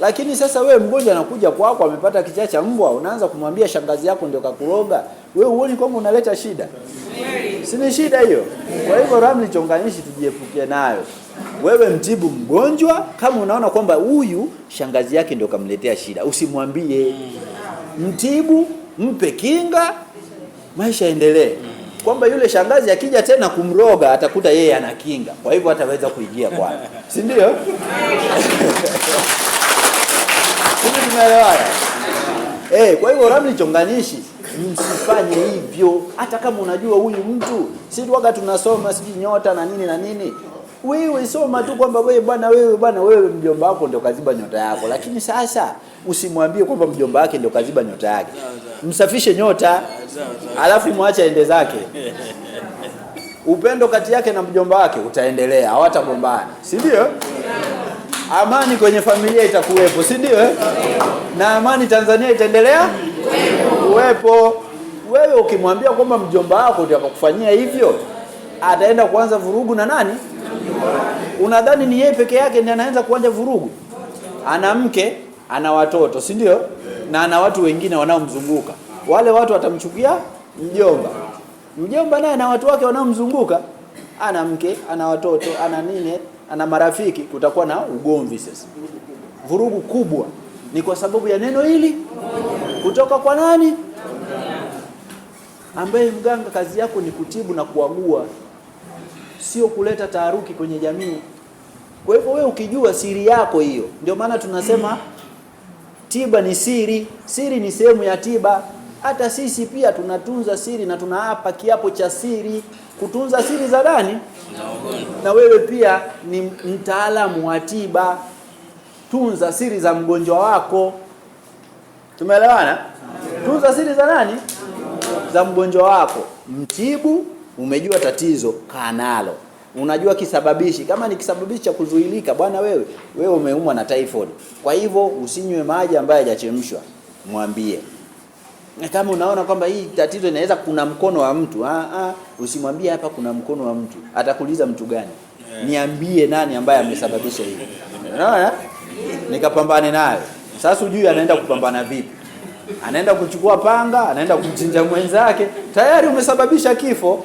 Lakini sasa we mgonjwa anakuja kwako amepata kichaa cha mbwa, unaanza kumwambia shangazi yako ndio kakuroga. Wewe huoni kwamba unaleta shida? Si ni shida hiyo? Kwa hivyo ramli chonganishi tujiepuke nayo. Wewe mtibu mgonjwa kama unaona kwamba huyu shangazi yake ndio kamletea shida, usimwambie. Mtibu, mpe kinga, maisha endelee. Kwamba yule shangazi akija tena kumroga atakuta yeye ana kinga, kwa hivyo ataweza kuingia kwake, si ndio? tunaelewana eh? Kwa hiyo ramli chonganishi, msifanye hivyo. Hata kama unajua huyu mtu si waga tunasoma sijui nyota na nini na nini, wewe soma tu kwamba wewe bwana, wewe bwana, wewe mjomba wako ndio kaziba nyota yako, lakini sasa usimwambie kwamba mjomba wake ndio kaziba nyota yake. Msafishe nyota, alafu mwache aende zake. Upendo kati yake na mjomba wake utaendelea, hawatagombana, si ndio? amani kwenye familia itakuwepo, si ndio? Eh? Na amani Tanzania itaendelea kuwepo. Wewe ukimwambia kwamba mjomba wako akakufanyia hivyo, ataenda kuanza vurugu na nani? Unadhani ni yeye peke yake ndiye anaanza kuanza vurugu? Ana mke, ana watoto, si ndio? Na ana watu wengine wanaomzunguka. Wale watu watamchukia mjomba. Mjomba naye na watu wake wanaomzunguka, ana mke, ana watoto, ana nini na marafiki, kutakuwa na ugomvi. Sasa vurugu kubwa ni kwa sababu ya neno hili kutoka kwa nani? Ambaye mganga kazi yako ni kutibu na kuagua, sio kuleta taharuki kwenye jamii. Kwa hivyo wewe ukijua siri yako hiyo, ndio maana tunasema tiba ni siri, siri ni sehemu ya tiba hata sisi pia tunatunza siri na tunaapa kiapo cha siri kutunza siri za ndani. Na wewe pia ni mtaalamu wa tiba, tunza siri za mgonjwa wako. Tumeelewana? Tunza siri za nani? Za mgonjwa wako. Mtibu, umejua tatizo, kanalo unajua kisababishi. Kama ni kisababishi cha kuzuilika, bwana wewe, wewe umeumwa na typhoid, kwa hivyo usinywe maji ambayo hayajachemshwa, mwambie. Kama unaona kwamba hii tatizo inaweza kuna mkono wa mtu ah, ah, usimwambie hapa kuna mkono wa mtu, atakuuliza mtu gani? Yeah. Niambie nani ambaye amesababisha hivi, unaona, nikapambane nayo. Sasa ujui anaenda kupambana vipi? Anaenda kuchukua panga, anaenda kumchinja mwenzake, tayari umesababisha kifo.